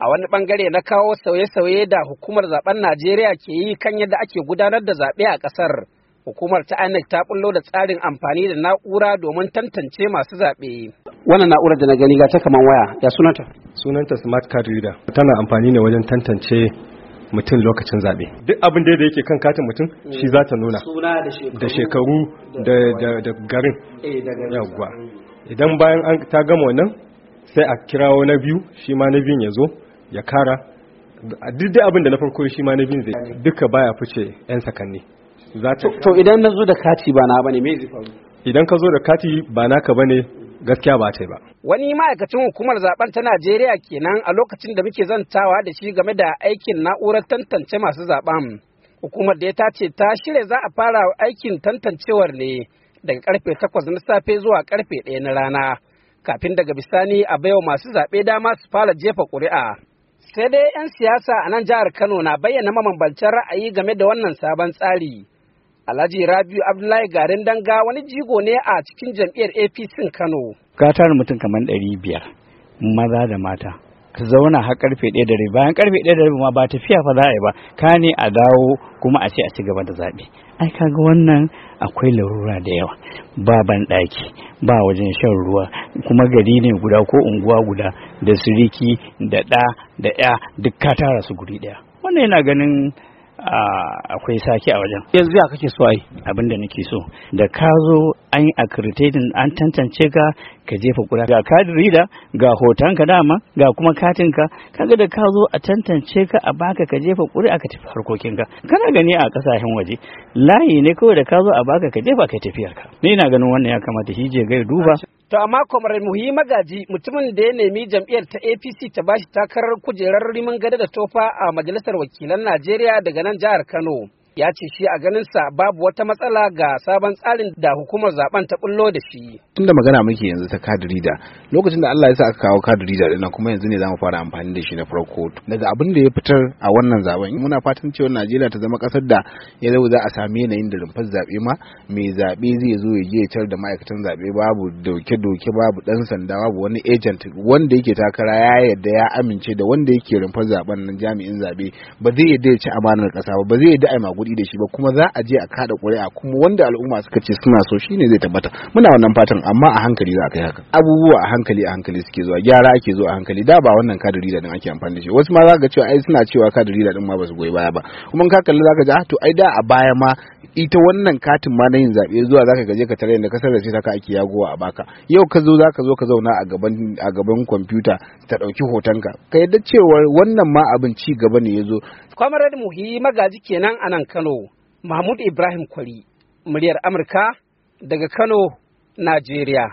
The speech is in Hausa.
a wani bangare na kawo sauye-sauye da hukumar zaben Najeriya ke yi kan yadda ake gudanar da zaɓe a ƙasar. Hukumar ta INEC ta bullo da tsarin amfani da na'ura domin tantance masu zaɓe. Wannan na'ura da na gani ga ta kaman waya, ya sunanta? Sunanta Smart Card Reader. Tana amfani ne wajen tantance mutum lokacin zaɓe. Duk abin da yake kan katin mutum shi za ta nuna. Suna da shekaru. Da garin. Eh, Yawwa. Idan bayan ta gama wannan sai a kirawo na biyu shi ma na biyun ya zo. ya kara duk da abin da na farko shi ma na bin zai duka baya fice yan sakanni to idan na zo da kati ba na ba ne, mai idan ka zo da kati ba naka ne, gaskiya ba ta ba wani ma'aikacin hukumar zaben ta Najeriya kenan a lokacin da muke zantawa da shi game da aikin na'urar tantance masu zaben hukumar da ya tace ta shirya za a fara aikin tantancewar ne daga karfe 8 na safe zuwa karfe 1 na rana kafin daga bisani a baiwa masu zaɓe dama su fara jefa ƙuri'a sai dai 'yan siyasa a nan jihar kano na bayyana mabambancin ra'ayi game da wannan sabon tsari alhaji rabiu abdullahi garin danga wani jigo ne a cikin jam'iyyar apc kano ka tara mutum kamar ɗari biyar maza da mata ka zauna har karfe ɗaya da rabi bayan karfe ɗaya da rabi ma ba tafiya fa za a yi ba ka ne a dawo kuma a ce a ci gaba da zaɓe ai kaga wannan akwai larura da yawa ba ban ɗaki ba wajen shan ruwa kuma gari ne guda ko unguwa guda da siriki da ɗa da ya duk ka tara su guri ɗaya wannan yana ganin akwai sake a wajen yanzu ya kake so ai abin da nake so da ka zo an yi accreditation an tantance ka ka jefa kura ga kadin rida ga hotonka dama ga kuma katinka kaga da ka zo a tantance ka a baka ka jefa kuri aka tafi harkokinka kana gani a kasashen waje layi ne kawai da ka zo a baka ka jefa kai tafiyarka ni ina ganin wannan ya kamata shi je gai duba To amma kwamarar muhi magaji mutumin da ya nemi jam'iyyar ta APC ta bashi takarar kujerar rimin gada da tofa a majalisar wakilan Najeriya daga nan jihar Kano. ya ce shi a ganin sa babu wata matsala ga sabon tsarin da hukumar zaben ta bullo da shi. Tun da magana muke yanzu ta kadi lokacin da Allah ya sa aka kawo kadi rida dinnan kuma yanzu ne za mu fara amfani da shi na farko daga abin da ya fitar a wannan zaben muna fatan cewa Najeriya ta zama kasar da ya zo za a sami yanayin da rumfar zaɓe ma mai zaɓe zai zo ya je da ma'aikatan zaɓe babu doke-doke babu dan sanda babu wani agent wanda yake takara ya yarda ya amince da wanda yake rumfar zaben nan jami'in zaɓe ba zai yarda ya ci amanar ƙasa ba ba zai yarda a haƙuri da shi ba kuma za a je a kada ƙuri'a kuma wanda al'umma suka ce suna so shine zai tabbata muna wannan fatan amma a hankali za a kai haka abubuwa a hankali a hankali suke zuwa gyara ake zuwa a hankali da ba wannan kadiri da din ake amfani da shi wasu ma za ka cewa ai suna cewa kadiri da din ma ba su goyi baya ba kuma in ka kalli za ka ji ah to ai da a baya ma ita wannan katin ma na yin zaɓe zuwa zaka gaje ka tare da kasar da sai taka ake yagowa a baka yau ka zo za ka zo ka zauna a gaban a gaban kwamfuta ta ɗauki hotonka ka yadda cewa wannan ma abin ci gaba ne ya zo Kwamarar Muhi magaji kenan a nan Kano, Mahmud Ibrahim Kwari, muryar Amurka daga Kano, Najeriya.